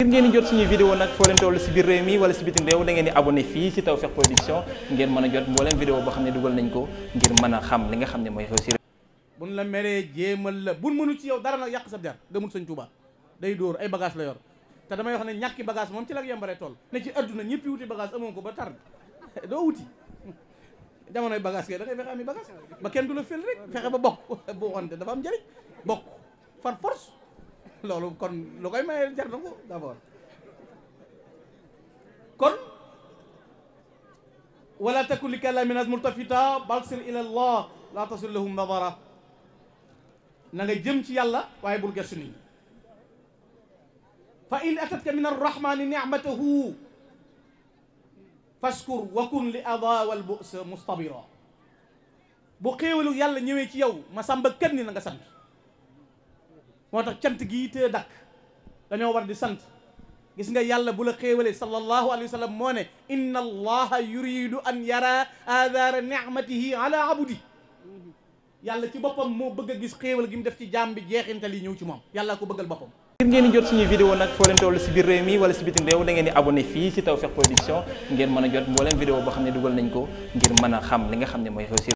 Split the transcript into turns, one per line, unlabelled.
ngir ngeen di jot suñuy vidéo nag foo leen toll si biir réew mi wala si bitim réew da di abonné fii si Tawfekh Production ngeen mën a jot mbooleem vidéo boo xam ne dugal nañ ko ngir mën a xam li ne mooy xew si réew
buñ la meree jéemal la buñ mënu ci yow dara nag yàq sa der gëmul sëñ Tuuba day dóor ay bagage la yor te damay wax ne ñàkki bagage moom ci la yembaree toll ne ci adduna ñëppi wuti bagage amoon ko ba tar doo wuti
jamonoy bagage kay da ngay fexe ami bagage ba kenn du la fel rek fexe ba bokk boo xonte dafa am njëriñ bokk far force loolu kon lu koy maye jar na ko d'abord kon
wala takun li kalamin multafita balsil ila allah laa tasul lahum nadara na nga jëm ci yàlla waaye bul gëstu nit ñi fa in atatka min arrahmani nicmatahu faskur wa kun li ada wal bu'sa mustabira bu xéewalu yàlla ñëwee ci yow ma sàmba kat ni na nga sant moo tax cant gii te dakk dañoo war di sant gis nga yàlla bu la xéewalee sallallahu alayhi wa sallam moo ne inna allaha yuridu an yara aadaara nicmatihi ala abudi yàlla ci boppam moo bëgg a gis xéewal gi mu def ci jaam bi jeexintal yi ñëw ci moom yàlla ko bëggal boppam
ngir ngeen jot suñuy vidéo nag foo leen toll si biir réew wala si bitim réew da ngeen di abonné fii si Tawfekh Production ngeen mën a jot mbooleem vidéo boo xam ne dugal nañ ko ngir mën xam li nga xam ne mooy réussir